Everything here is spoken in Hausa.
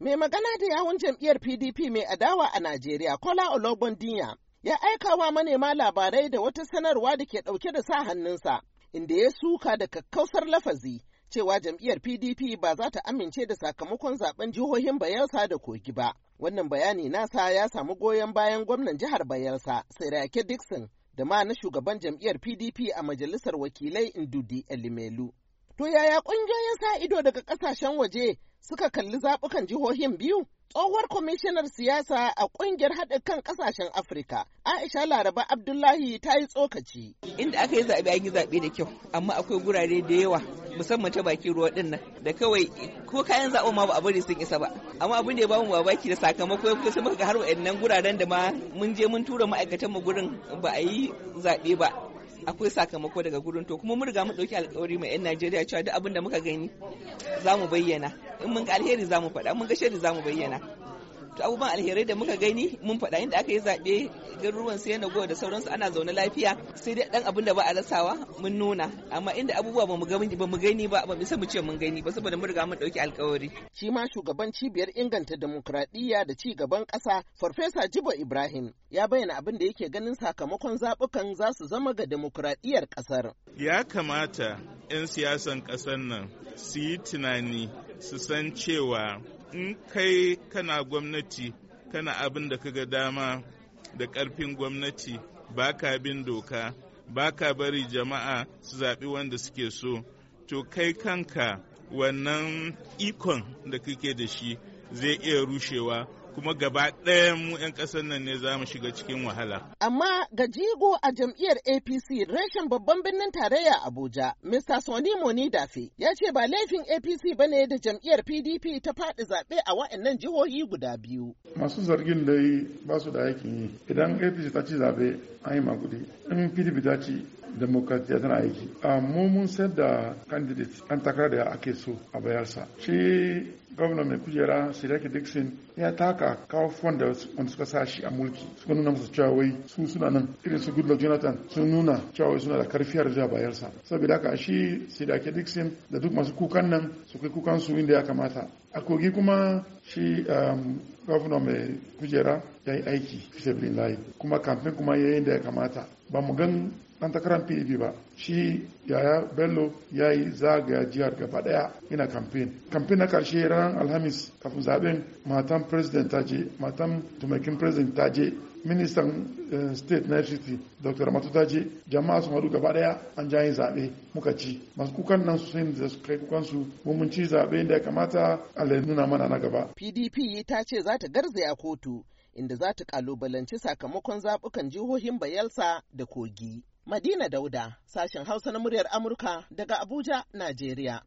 Mai magana da yawun jam'iyyar PDP mai adawa a Najeriya, Kola Dinya, ya aika wa manema labarai da wata sanarwa da ke ɗauke da sa hannunsa, inda ya suka da kakkausar lafazi cewa jam'iyyar PDP ba za ta amince da sakamakon zaben jihohin Bayelsa da Kogi ba. Wannan bayani nasa ya samu goyon bayan gwamnan jihar Bayelsa, Sirake Dixon, da ma na shugaban jam'iyyar PDP a majalisar wakilai Ndudi Elimelu. To yaya ƙungiyoyin sa ido daga ƙasashen waje suka kalli zaɓukan jihohin biyu? Tsohuwar kwamishinar siyasa a ƙungiyar haɗa kan ƙasashen Afirka, Aisha Laraba Abdullahi ta yi tsokaci. Inda aka yi zaɓe an yi zaɓe da kyau, amma akwai gurare da yawa musamman ta baki ruwa ɗin nan da kawai ko kayan zaɓen ma ba a bari sun isa ba. Amma abin da ya bamu babaki da sakamako ya kusa muka har wa'annan guraren da ma mun je mun tura ma'aikatan mu gurin ba a yi zaɓe ba. akwai sakamako daga gurin to kuma mun riga mun dauki alkawari mai yan Najeriya cewa duk abin da muka gani za mu bayyana in mun ga alheri za mu faɗa mun ga shari za mu bayyana to abubuwan alherai da muka gani mun faɗa inda aka yi zaɓe garuruwan sai na da sauransu ana zaune lafiya sai dai dan abin da ba a rasawa mun nuna amma inda abubuwa ba mu gani ba mu gani ba ba mu ce mun gani ba saboda mun riga mun ɗauki alkawari shi ma shugaban cibiyar inganta demokradiyya da ci gaban ƙasa farfesa jibo ibrahim ya bayyana abin da yake ganin sakamakon zabukan za su zama ga demokradiyyar ƙasar ya kamata 'yan siyasan ƙasar nan su yi tunani su san cewa in kai kana gwamnati kana abin da kaga dama da ƙarfin gwamnati ba ka bin doka ba ka bari jama'a su zaɓi wanda suke so to kai kanka wannan ikon da kake da shi zai iya rushewa kuma gaba ɗaya mu 'yan ƙasar nan ne za mu shiga cikin wahala. Amma ga jigo a jam'iyyar APC reshen babban birnin tarayya Abuja, Mr. Sani Moni Dafe ya ce ba laifin APC ba ne da jam'iyyar PDP ta faɗi zaɓe a wa'annan jihohi guda biyu. Masu zargin dai ba su da aikin yi. Idan APC ta ci zaɓe an yi maguɗi, in PDP ta ci demokratiya tana aiki. Amma mun sayar da candidate an takarar da ake so a bayarsa. Shi gwamna mai kujera siraki dixon ya taka kawo da wanda suka sa shi a mulki suka nuna masa cewa su suna nan irin su goodluck jonathan sun nuna cewa suna da karfi har zuwa bayarsa saboda haka shi siraki dixon da duk masu kukan nan su kai kukan su inda ya kamata a kogi kuma shi um, gwamna mai kujera ya yi aiki fisabilin layi kuma kamfin kuma ya yi da ya kamata ba mu gan ɗan takarar pdp ba shi yaya bello ya yi zagaya jihar gaba daya ina kamfin kamfen na karshe ranar alhamis kafin zaben matan president ta je matan tumakin president ta je ministan eh, state na fct dr matutaje jama'a sun haɗu gaba daya an ja yin zaɓe muka ci masu kukan nan sun da su kai kukansu su mun ci zaɓe da ya kamata allah nuna mana na gaba pdp ta ce za ta garzaya kotu inda za ta kalubalanci sakamakon zaɓukan jihohin bayelsa da kogi madina dauda sashen hausa na muryar amurka daga abuja najeriya